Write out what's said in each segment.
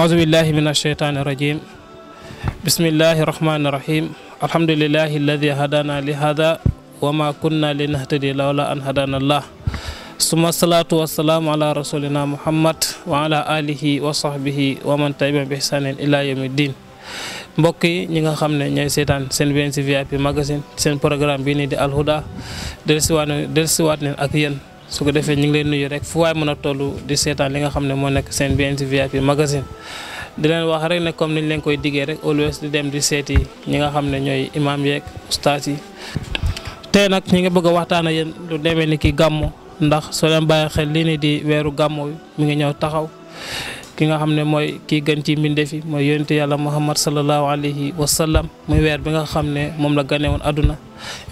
أعوذ بالله من الشيطان الرجيم بسم الله الرحمن الرحيم الحمد لله الذي هدانا لهذا وما كنا لنهتدي لولا أن هدانا الله ثم الصلاة والسلام على رسولنا محمد وعلى آله وصحبه ومن تبع بإحسان إلى يوم الدين mbokk yi ñi nga xam ne ñooy seetaan seen VNC VIP magazine seen programme bii nii di Al Houda dellusiwaat dellusiwaat neen ak yéen su ko defee ñu ngi leen nuyu rek fu waay mën a tollu di seetaan li nga xam ne moo nekk seen BNT VIP magazine di leen wax rek ne comme niñ leen koy diggee rek always di dem di seeti ñi nga xam ne ñooy imam yeeg ustaas yi. te nag ñu ngi bëgg a waxtaan a yéen lu demee ni ki gàmmu ndax soo leen bàyyi xel lii nii di weeru gàmmoo mu ngi ñëw taxaw ki nga xam ne mooy kii gën ci mbindeef yi mooy yonente yàlla muhammad salallahu alayhi wa sallam muy weer bi xam ne moom la gane woon àdduna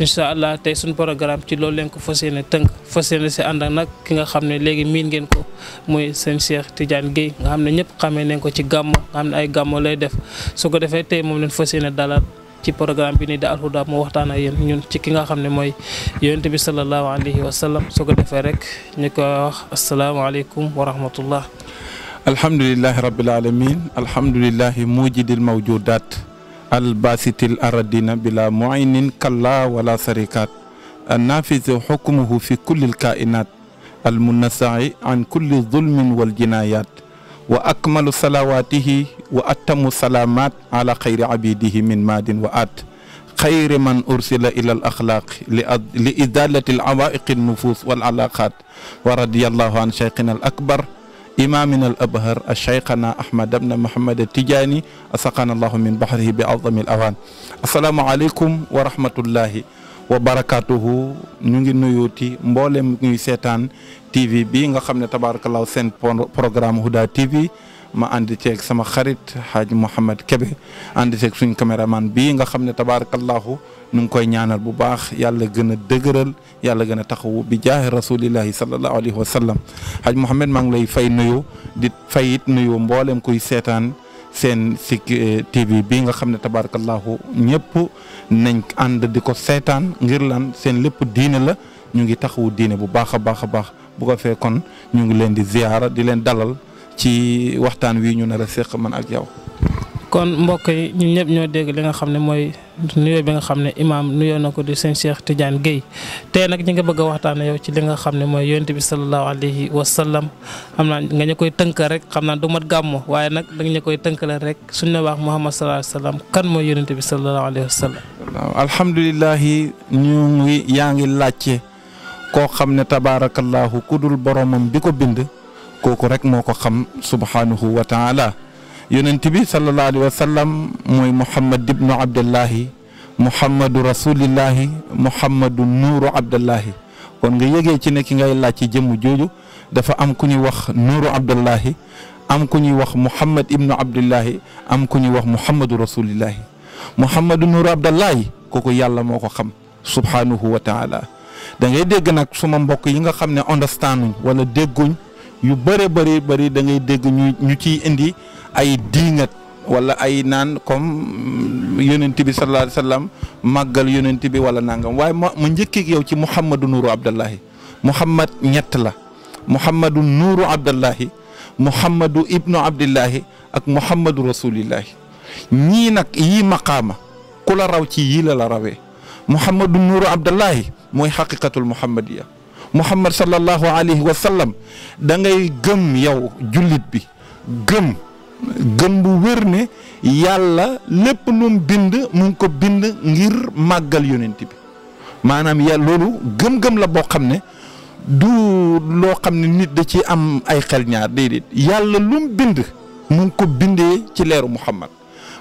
incha allah tey suñu programme ci loolu leen ko fas yéene tënk fas yéene si ànd ak ki nga xam ne miin ngeen ko muy seen Cheikh Tidiane Guèye nga xam ñëpp xamee nañ ko ci gàmmo nga ay gàmmo lay def su ko defee tey moom leen fas yéene dalal ci programme bi nii da alhuda mu waxtaan ak yéen ñun ci ki nga xam ne mooy yonent bi sallallahu alayhi wa sallam su ko defee rek ñu ko wax asalaamaaleykum wa rahmatullah الحمد لله رب العالمين الحمد لله موجد الموجودات الباسط الأردين بلا معين كلا ولا سريكات النافذ حكمه في كل الكائنات المنسع عن كل ظلم والجنايات وأكمل صلواته وأتم سلامات على خير عبيده من ماد وآت خير من أرسل إلى الأخلاق لإزالة العوائق النفوس والعلاقات ورضي الله عن شيخنا الأكبر إمامنا الأبهر الشيخنا أحمد بن محمد التجاني أسقنا الله من بحره بعظم الأوان السلام عليكم ورحمة الله wa barakaatuhu ñu ngi nuyooti mboolem ñuy seetaan TV bi nga xam ne tabaarakallaahu seen programme Huda TV ma ànd sama xarit xaaj Mouhamed Kebe ànd ceeg suñ caméraman bii nga xam ne tabaarakallaahu nu ngi koy ñaanal bu baax yàlla gën a dëgëral yàlla gën a taxawu bi jaahi rasulillahi sallallahu alayhi wa sallam Hadj Mouhamed maa ngi lay fay nuyu di fayit nuyu mboolem kuy seetaan seen Sick eh, TV bii nga xam ne tabaarakallaahu ñëpp nañ ànd di ko seetaan ngir lan seen lépp diine la ñu ngi taxawu diine bu baax a baax a baax bu ko fee kon ñu ngi leen di ziyaara di leen dalal. ci waxtaan wi ñu nar a séq man ak yow. kon mbokk yi ñun ñëpp ñoo dégg li nga xam ne mooy nuyoo bi nga xam ne imaam nuyoo na ko di sëñ Cheikh Tidiane Guèye tey nag ñi nga bëgg a waxtaan yow ci li nga xam ne mooy yonent bi sallallahu alayhi wa naa nga koy tënk rek xam naa du mat gàmmu waaye nag da nga koy tënkale rek suñ na wax Muhammad sallallahu alayhi wa sallam kan mooy yonent bi sallallahu alayhi wa ñu ngi yaa ngi laajte koo xam ne tabaarakallaahu ku dul boromam bi ko bind. kooku rek moo ko xam subhaanahu wa taala yonent bi sallallahu alayhi wa sallam mooy muhammad ibnu abdullahi muhammadu rasulillahi muhammadu nuuru abdullahi kon nga yëgee ci ne ki ngay laaj ci jëmm jooju dafa am ku ñuy wax nuuru abdullahi am ku ñuy wax muhammad ibnu abdullahi am ku ñuy wax muhammadu rasulillahi muhammadu nuuru abdullahi kooku yàlla moo ko xam subhaanahu wa taala da ngay dégg nag suma mbokk yi nga xam ne understand wala dégguñ yu bëre bëri bëri da ngay dégg ñu ci indi ay diingat wala ay naan comme yonent bi sallallahu alayhi màggal yonent bi wala nangam waaye ma ma njëkkeeg yow ci Mouhamadu Nourou Abdallahi Mouhamad ñett la Mouhamadu Nourou Abdallahi Mouhamadu Ibnu Abdillahi ak Mouhamadu Rasulillahi ñii nag yii maqaama ku la raw ci yii la la rawee Mouhamadu Nourou Abdallahi mooy xaqiqatul Mouhamadiya muhammad sallallahu alayhi wa sallam da ngay gëm yow jullit bi gëm gëm bu wér ne yàlla lépp lu mu bind mu ngi ko bind ngir màggal yonent bi maanaam yàlla loolu gëm-gëm la boo xam ne du loo xam ne nit da ci am ay xel ñaar déedéet yàlla lu mu bind mu ngi ko bindee ci leeru muhammad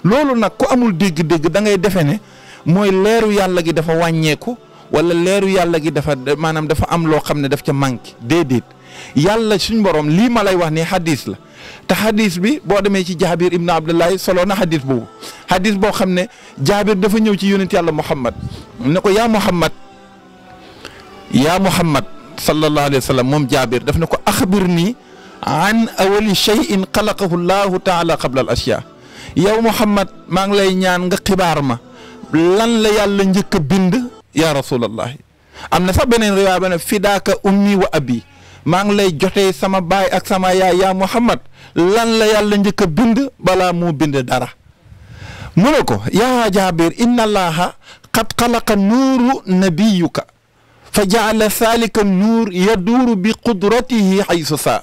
loolu nag ku amul dégg-dégg da ngay defe ne mooy leeru yàlla gi dafa wàññeeku wala leeru yàlla gi dafa maanaam dafa am loo xam ne daf ca manqué déedéet yàlla suñ borom lii ma lay wax nii hadis la te hadis bi boo demee ci jaabir ibn abdullahi solo na hadis boobu hadis boo xam ne jaabir dafa ñëw ci yonent yàlla muhammad ne ko yaa muhammad yaa muhammad sallallahu alayhi wa sallam moom jaabir daf ne ko axbir nii an awali cheyin xalaqahu llahu taala qabla al ashyaa yow muhammad maa ngi lay ñaan nga xibaar ma lan la yàlla njëkk a bind يا رسول الله ام نصب بن رواه بن فداك امي وابي ما نلاي جوتي سما باي اك سما يا يا محمد لان لا يالا نيك بند بلا مو بند دارا مولوكو يا جابر ان الله قد خلق نور نبيك فجعل ذلك النور يدور بقدرته حيث شاء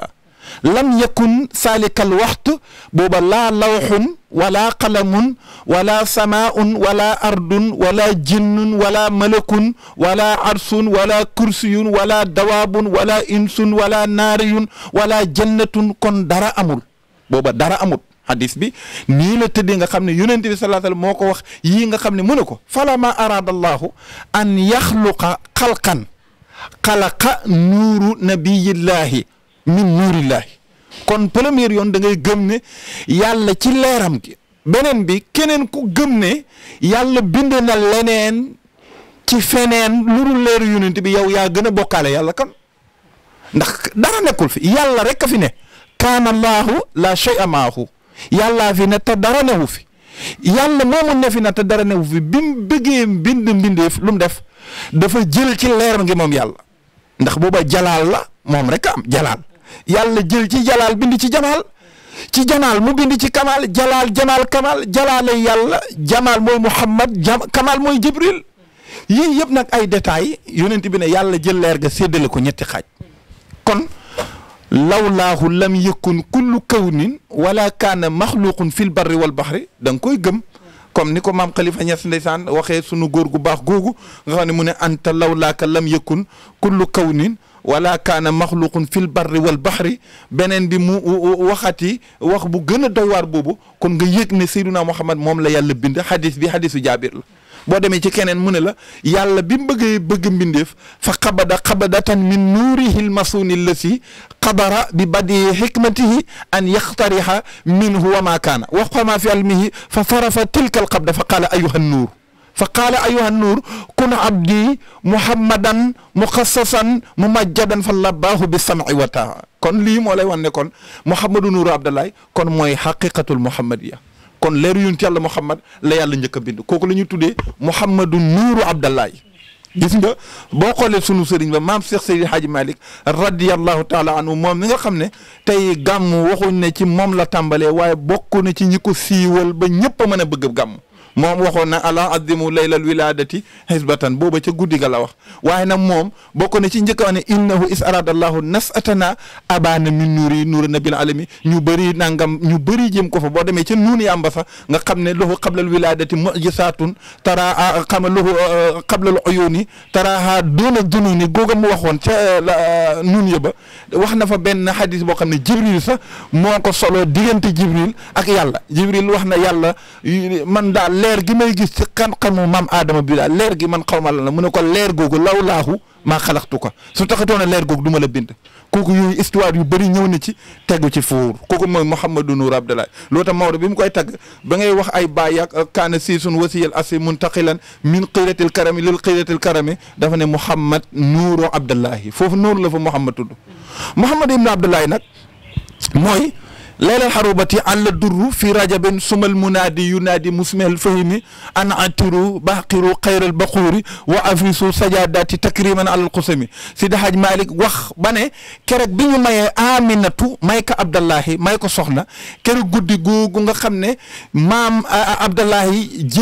لم يكن سالك الوقت بوبا لا لوح ولا قلم ولا سماء ولا أرض ولا جن ولا ملك ولا عرس ولا كرسي ولا دواب ولا إنس ولا نار ولا جنة كن دار أمول بوبا دار أمول حديث بي نيلة تدينغا خامنة يونتي صلى الله عليه وسلم موكو وخ ييغا خامنة فلا ما أراد الله أن يخلق خلقا خلق نور نبي الله min nuurillaahi kon première yoon da ngay gëm ne yàlla ci leeram gi beneen bi keneen ku gëm ne yàlla bind na leneen ci feneen lu dul leeru bi yow yaa gën a bokkaale yàlla kan ndax dara nekkul fi yàlla rek a fi ne kaana allaahu la shay'a maahu yàllaa fi ne te dara new fi yàlla moomu ne fi na te dara newu fi bi mu bëggee mbind mbindeef lu def dafa jël ci leeram gi moom yàlla ndax booba jalaal la moom rek a am jalaal yàlla jël ci jalaal bind ci jamaal ci jamaal mu bind ci kamaal jalaal jamaal kamaal jalaale yàlla jamaal mooy muhammad jam kamaal mooy jibril yii yëpp nag ay détails yonent bi ne yàlla jël leer ga seddale ko ñetti xaaj kon lawlaahu lam yakun kullu kawnin wala kaana maxluqun fil barri wal baxri da koy gëm comme ni ko maam Khalifa Niass ndeysaan waxee sunu góor gu baax googu nga xam ne mu ne anta lawlaaka lam yakun kullu kawnin ولا كان مخلوق في البر والبحر بنين دي وخاتي واخ بو غنا دوار بوبو كون غا ييغني سيدنا محمد موم لا يالا بيند حديث بي حديث جابر لا بو ديمي سي كينن مون لا يالا بيم بغا بغ مينديف فقبد قبدتا من نوره المصون الذي قدر ببدي حكمته ان يخترح منه وما كان وقام في علمه ففرف تلك القبضه فقال ايها النور فقال أيها النور كن عبدي محمدا مخصصا ممجدا فالله بالسمع وتاع كن لي مولاي واني كن محمد نور عبد الله كن موي حقيقة المحمدية كن لير ينتي الله محمد لا يالي نجك بيند كوكو لنيو تودي محمد نور عبد الله gis nga boko le sunu serigne ba mam cheikh serigne hadji malik radiyallahu ta'ala anhu mom nga xamne tay gam waxuñ ne ci mom la tambale waye bokku ne ci ñiko siwel ba ñepp mëna bëgg gam moom waxoon na ala azimu laylal wiladati xisbatan booba ca guddi ga la wax waaye nag moom bokk na ci njëkk ne innahu is aradallahu nasatana abana min nuuri nuuri nabil alami ñu bari nangam ñu bari jëm ko fa boo demee ca nuun yàmba sax nga xam ne loxu qablal wiladati mujisatun tara xam loxu qablal uyuni taraha doona dununi googa mu waxoon ca nuun yëba wax na fa benn xadis boo xam ne jibril sax moo ko solo diggante jibril ak yàlla jibril wax na leer gi may gis ci xanxamu maam Adama bi daal leer gi man xaw ma lan la mu ne ko leer googu law laaxu maa xalaxtu ko su taxatoon a leer googu du ma la bind kooku yooyu histoire yu bëri ñëw na ci tegu ci fuur kooku mooy Mouhamadou Nour Abdoulaye loo tax Maodo bi mu koy tagg ba ngay wax ay baay ak kaana siisun wasiyal asi muntaqilan min qiratil karami lil qiratil karami dafa ne Mouhamad Nourou Abdoulaye foofu Nour la fa Mouhamad tudd Mouhamad Ibn Abdoulaye nag mooy. ليلة حروبتي على الدر في رجب سم المنادي ينادي مسمى الفهم أن أعتروا باقروا خير البقور وأفرسوا سجادات تكريما على القسم سيدي حاج مالك واخ بني كرك بي ماي آمنة مايك عبد الله مايك سخنا كرك غودي googu nga مام عبد الله Abdallahi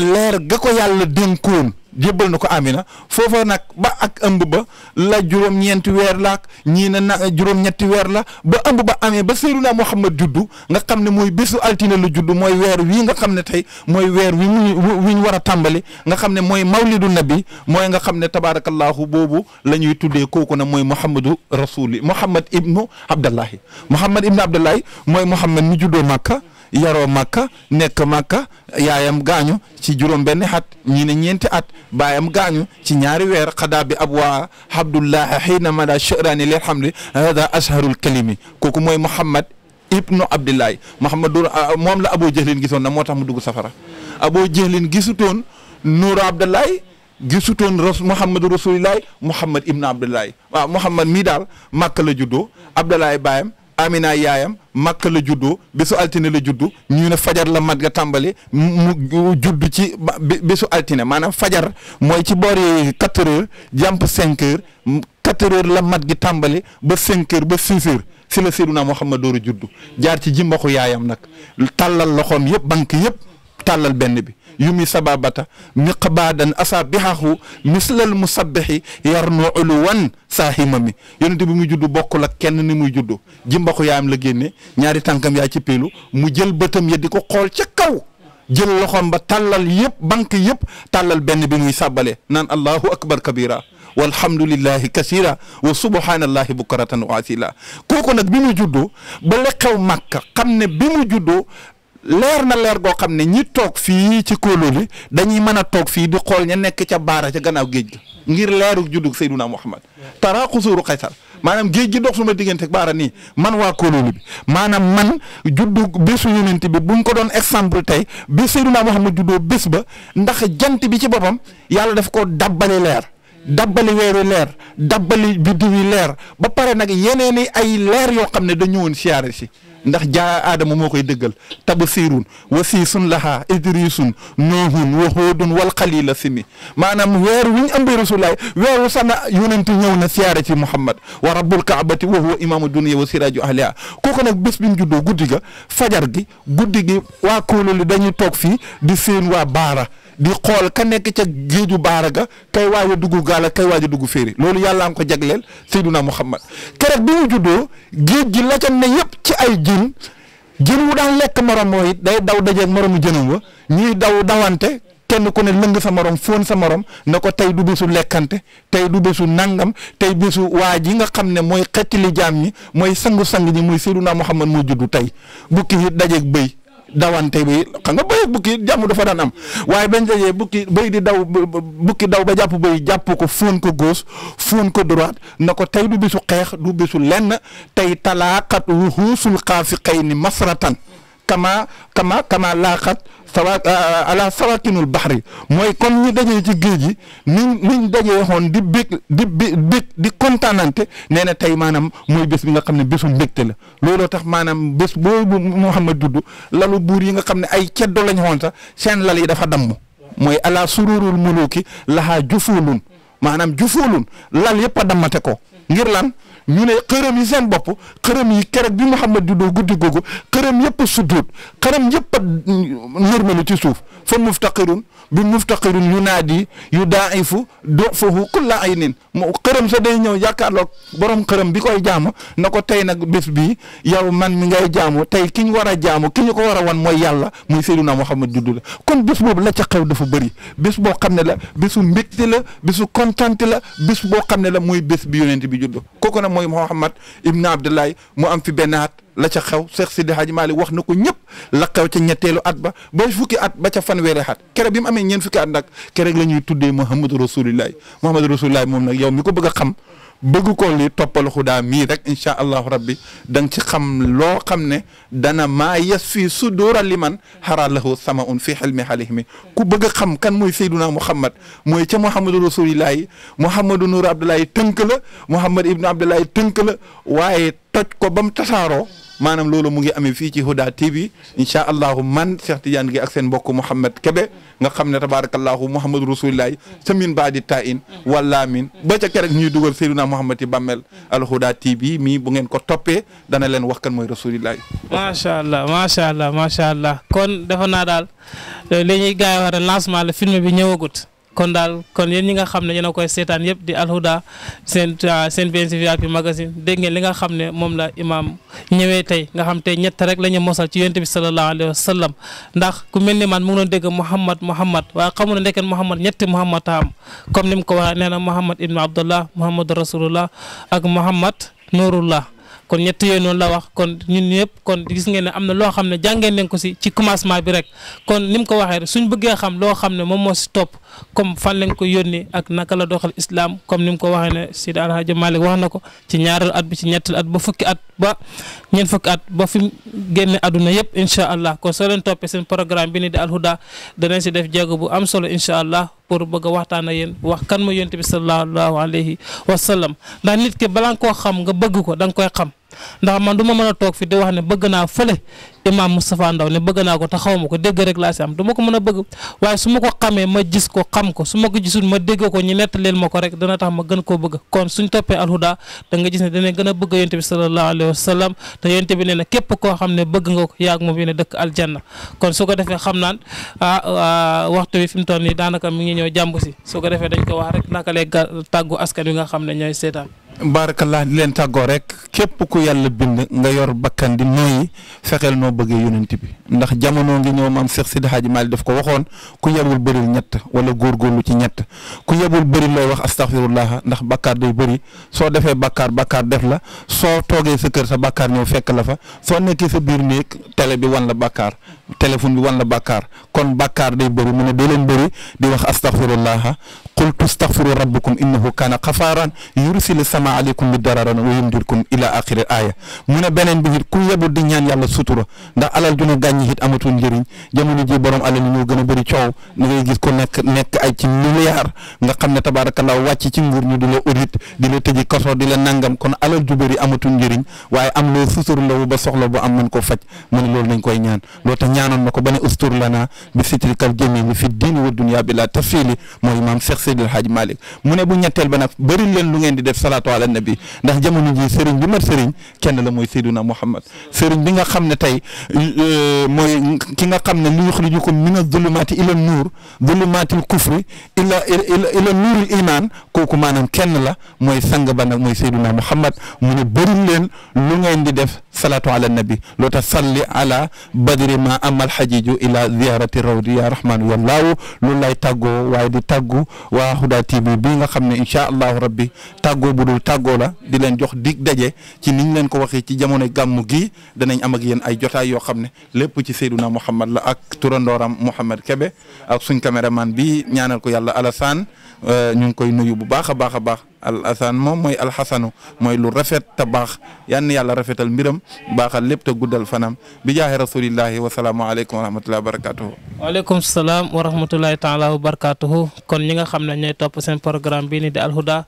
لير غكو يالا دنكون jébbal na ko Amina foofa nag ba ak ëmb ba la juróom-ñeenti weer la ñii na na juróom weer la ba ëmb ba amee ba na Muhammad juddu nga xam ne mooy bésu altine la juddu mooy weer wii nga xam ne tey mooy weer wi mu wi war a tàmbali nga xam ne mooy mawlidu nabi mooy nga xam ne tabaarakallaahu boobu la ñuy tuddee kooku nag mooy Muhammadu rasuli Muhammad ibnu Abdallahi Muhammad ibnu Abdallahi mooy Muhammad mi juddoo Màkka yaroo Makka nekk Makka yaayam gaañu ci juróom-benn at ñii ne ñeenti at baayam gaañu ci ñaari weer xadaa bi ab waa Abdullahi xiina mada shëraani lil hamli hada asharul kalimi kooku mooy Mouhamed ibnu Abdillahi Mouhamed ah, moom la Abu Jahlin gisoon na moo tax mu dugg safara Abu Jahlin gisutoon Nuuru Abdillahi gisutoon ras Mouhamed rasulillahi Mouhamed ibnu Abdillahi waaw Mouhamed mii daal Makka la juddoo Abdillahi baayam Amina yaayam màkk la juddoo bésu altine la juddu ñu ne fajar la mat ga tàmbali mu juddu ci bésu altine maanaam fajar mooy ci boori quatre heures jàmp cinq heures quatre heures la mat gi tàmbali ba cinq heures ba six heures si la Seydunaa Muhammad dooru juddu jaar ci jimbaxu yaayam nag tàllal loxoom yëpp banque yëpp tàllal benn bi يمي سبابة مقبادا أصابحه مثل المسبح يرنو علوا saahimami yonente bi muy juddu bokkul ak kenn ni muy juddu jimba ko yaayam la génne ñaari tànkam yaa ci peelu mu jël bëtam ya di ko xool ca kaw jël loxoom ba tàllal yëpp banque yëpp tàllal benn bi muy sàbbale naan allahu akbar kabira walhamdulillahi kasira wa subhanallahi bukratan wa asila kooku nag bi mu juddu ba la xew màkka xam ne bi mu juddu leer na leer goo xam ne ñi toog fii ci kóolóoli dañuy mën a toog fii di xool ña nekk ca baara ca gannaaw géej gi ngir leeru juddug Seyduna Muhammad tara xusuuru xaysar maanaam géej gi dox suma diggante ak baara ni man waa kóolóoli bi maanaam man juddu bésu yonent bi buñ ko doon exemple tey bi Seyduna Muhammad juddoo bés ba ndax jant bi ci boppam yàlla daf ko dabbali leer dabbali weeru leer dabbali biddiw yi leer ba pare nag yeneen i ay leer yoo xam ne dañu woon siyaare ndax jaa aadama moo koy dëggal wa wasiisun laha idrisun noohun wa huudun wal xalila simi maanaam weer wiñ ñu ëmbee rasulaay weeru sana yonentu ñëw na siyaare ci Muhammad wa rabbul kaabati wa huwa imaamu dunia wa siraju ahliha kooku nag bés biñ mu juddoo guddi ga fajar gi guddi gi waa kóolu li dañuy toog fii di seen waa baara di xool ka nekk ca géeju baara ga kay waaj a dugg gaal kay waaj a dugg féeri loolu yàlla nga ko jagleel Seydina Muhammad keroog bi mu juddoo géej gi la na ne ci ay jën jën mu daan lekk morom woo it day daw dajeeg moromu jënam wa ñuy daw dawante kenn ku ne lëng sa morom fóon sa morom na ko tey du bésu lekkante tey du bésu nangam tey bésu waa ji nga xam ne mooy xettali jaam ñi mooy sangu-sang ñi muy Seydina Muhammad moo juddu tey bukki it dajeeg bëy dawante bi xam nga bëy bukki jàmm dafa daan am waaye bañ dajee bukki bëy di daw bukki daw ba jàpp bëy jàpp ko foon ko gauche fóon ko droite na ko tey du bisu xeex du bisu lenn tey talaaxat wuxuusul xaafi xëy ni masratan kama kama kama laaxat sawa euh, euh, ala sawakinul baxri mooy comme ñu dajee ci géej gi niñ niñ dajee xoon di bég di bég di kontaanante nee na tey maanaam mooy bés bi nga xam ne bésu mbégte la looloo tax maanaam bés boobu Mouhamad dudd lalu buur yi nga xam ne ay ceddo lañ xoon sax seen lal yi dafa damm mooy ala sururul muluki laxaa jufuulun maanaam jufuulun lal yëpp a dammate ko ngir lan ñu ne yi seen bopp xërëm yi keroog bi Mouhamad dudd guddi googu kërëm yëpp a sujjuut xërëm yëpp a normalu ci suuf fa muftaqirun bi muftaqirun yu naadi yu daaifu dufahu kulla aynin xërëm sa day ñëw jàkkaarloog borom xërëm bi koy jaamu na ko tey nag bés bi yow man mi ngay jaamu tey ki ñu war a jaamu ki ñu ko war a wan mooy yàlla muy Seydina Muhammad juddu la kon bés boobu la ca xew dafa bëri bés boo xam ne la bésu mbégte la bésu kontante la bés boo xam ne la mooy bés bi yonent bi juddu kooku nag mooy Muhammad ibn Abdullahi mu am la ca xew Cheikh Sidi Hadji Malick wax na ko ñëpp la xew ca ñetteelu at ba ba fukki at ba ca fanweeri at kere bi mu amee ñeent fukki at nag kere la ñuy tuddee Mouhamadou Rasoulilahi Mouhamadou Rasoulilahi moom nag yow mi a xam bëgg ko li toppal xudaa mii rek incha allahu rabbi da nga ci xam loo xam ne dana maa yes fii sudura liman xaralahu sama un fii xel mi xalih mi ku bëgg a xam kan mooy Seyduna Muhammad mooy ca Mouhamadou Rasoulilahi Mouhamadou Nour Abdoulaye tënk la Mouhamad Ibn Abdoulaye tënk la waaye toj ko ba mu tasaaroo. maanaam loolu mu ngi amee fii ci Huda TV incha allahu man Cheikh Tidiane gi ak seen mbokk Mouhamed Kebe nga xam ne tabarakallahu Mouhamed Rasulullah sa min baa di taa in wala min ba ca rek ñuy dugal Seydina Mouhamed ci bàmmeel al Huda TV mii bu ngeen ko toppee dana leen wax kan mooy Rasulullah. macha allah macha allah macha allah kon defe naa daal eh, li ñuy gars yi wax lancement la film bi ñëwagut. kon daal kon yéen ñi nga xam ne yéen a koy seetaan yëpp di alhuda seen ah, seen BNC VIP magazine dégg ngeen li nga xam ne moom la imaam ñëwee tey nga xam tey ñett rek la ñu mosal ci yonent bi sallallahu alayhi wa sallam ndax ku mel ni man mu ngi doon dégg Muhammad Muhammad waaye xamu ne ndekkeen Muhammad ñetti Muhammad am comme ni mu kon ñett yooyu la wax kon ñun ñëpp kon gis ngeen ne am na loo xam ne jàngeen nañ ko si ci commencement bi rek kon ni mu ko waxee suñ bëggee xam loo xam ne moom moo topp comme fan lañ ko yónnee ak naka la doxal islam comme ni mu ko waxee ne Sidi Alhaji Malick wax na ko ci ñaareelu at bi ci ñetteel at ba fukki at ba ñeent fukki at ba fi génne àdduna yëpp incha allah kon soo leen toppee seen programme bi ni di alhuda dana si def jéego bu am solo incha allah pour bëgg a waxtaan ak wax kan ma yonent bi sallallahu alayhi wa sallam ndax nit ki balaa nga koo xam nga bëgg ko da nga koy xam. ndax man duma mën a toog fii di wax ne bëgg naa fële imaam Moustapha Ndaw ne bëgg naa ko te xaw ma ko dégg rek laa si am du ko mën a bëgg waaye su ma ko xamee ma gis ko xam ko su ma ko gisul ma dégg ko ñu nettaleel ma ko rek dana tax ma gën koo bëgg kon suñ toppee alhuda da nga gis ne dana gën a bëgg yonte bi sallallahu alayhi wa sallam te yonte bi nee na képp koo xam ne bëgg nga ko yaag moom yéen a dëkk aljanna kon su ko defee xam naan ah, ah waxtu bi fi mu toll nii daanaka mi ngi ñëw jàmb si su ko defee dañ ko wax rek naka lay tàggu askan wi nga xam ne ñooy seetaan baarakallah di leen tàggoo rek képp ku yàlla bind nga yor bakkan di nooyi fexeel noo bëggee yonent bi ndax jamono ngi ñëw maam Cheikh Sidi Hadji Malick daf ko waxoon ku yebul bëril ñett wala góorgóorlu ci ñett ku yebul bëri looy wax astaghfirullah ndax bàkkaar day bëri soo defee bakkaar bàkkaar def la soo toogee sa kër sa bàkkaar ñëw fekk la fa soo nekkee sa biir néeg télé bi wan la bakkaar téléphone bi wan la bàkkaar kon bàkkaar day bëri mu ne doo leen bëri wax astaghfirullah ma aleykum bi dararan wa yumdidkum ila axiri aaya mu ne beneen bi it ku yebul di ñaan yàlla sutura ndax alal ju nu gàññi it amatul njëriñ jamono ji borom alal yi ñoo gën a bëri coow da ngay gis ku ci nguur ñu di la audit di la tëji kaso di la nangam kon alal ju amatul njëriñ waaye am loo sutur lawu ba soxla bu am mën ko faj mu ne loolu nañ koy ñaan loolu tax ñaanoon na ko ba ne ustur lana bi sitrikal jamili fi diin wa dunya sallallahu ala nabi ndax jamono ji sëriñ bi mat sëriñ kenn la mooy Seydina Muhammad sëriñ bi nga xam ne tey mooy ki nga xam ne li yuxrijukum mina zulumaati ila nuur zulumaatil kufri ila ila nuuril iman kooku maanaam kenn la mooy sang ba nag mooy Seydina Muhammad mu ne bëri leen lu ngeen di def salaatu ala nabi loo tax salli ala badri ma amal xajiju ila ziarati rawdi ya rahmaanu wallaahu loolu lay tàggoo waaye di tàggu waa Huda TV bii nga xam ne incha allahu rabbi tàggoo bu dul tàggoo la di leen jox dig daje ci niñ leen ko waxee ci jamono gàmm gii danañ am ak yéen ay jotaay yoo xam ne lépp ci Seyduna Muhammad la ak turandooram Mouhamed Kebe ak suñ caméraman bi ñaanal ko yàlla Alassane ñu ngi koy nuyu bu baax a baax a baax. الحسن مو موي الحسن موي لو رافيت تا يان يالا رافيتال ميرم باخال ليب تا فنام بجاه رسول الله والسلام عليكم ورحمه الله وبركاته وعليكم السلام ورحمه الله تعالى وبركاته كون نيغا خامنا ني توب سين بروغرام بي ني دي الهدى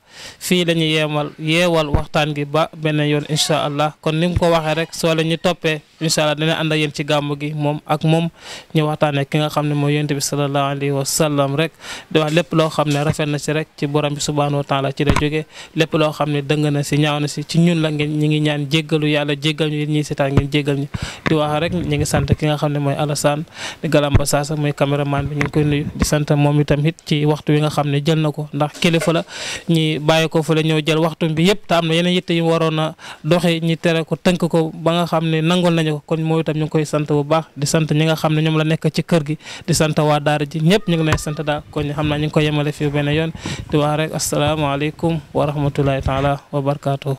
في لا ني ييمال ييوال واختان غي با بنين يون ان شاء الله كون نيم كو واخا رك سو لا ني توبي incha allah dina ànd ak ci gàmm gi moom ak moom ñu waxtaanee ki nga xam ne mooy yonent bi sallallahu alayhi wa sallam rek di wax lépp loo xam ne rafet na si rek ci borom bi subhaanahu wa taala ci la jógee lépp loo xam ne dëng na si ñaaw na ci ñun la ngeen ñi ngi ñaan jéggalu yàlla jéggal ñu yéen ñii seetaan ngeen jéggal ñu di wax rek ñi ngi sant ki nga xam ne mooy Alassane di Galamba Sassa mooy caméraman bi ñu ngi koy nuyu moom itam ci waxtu wi nga xam ne jël na ko ndax kilifa la ñi bàyyi ko fa la ñëw jël waxtu bi yëpp te am na yeneen yitte yu waroon a doxi ñi tere ko tënk ko ba nga xam ne nangol aajo kon mooy itam ñu ngi koy sant bu baax di sant ñi nga xam ne ñoom la nekk ci kër gi di sant waa daara ji ñëpp ñu ngi lay sant daal kon xam naa ñu ngi koy yemale fii benn yoon di wax rek asalaamaaleykum wa rahmatulahi wa barakaatu.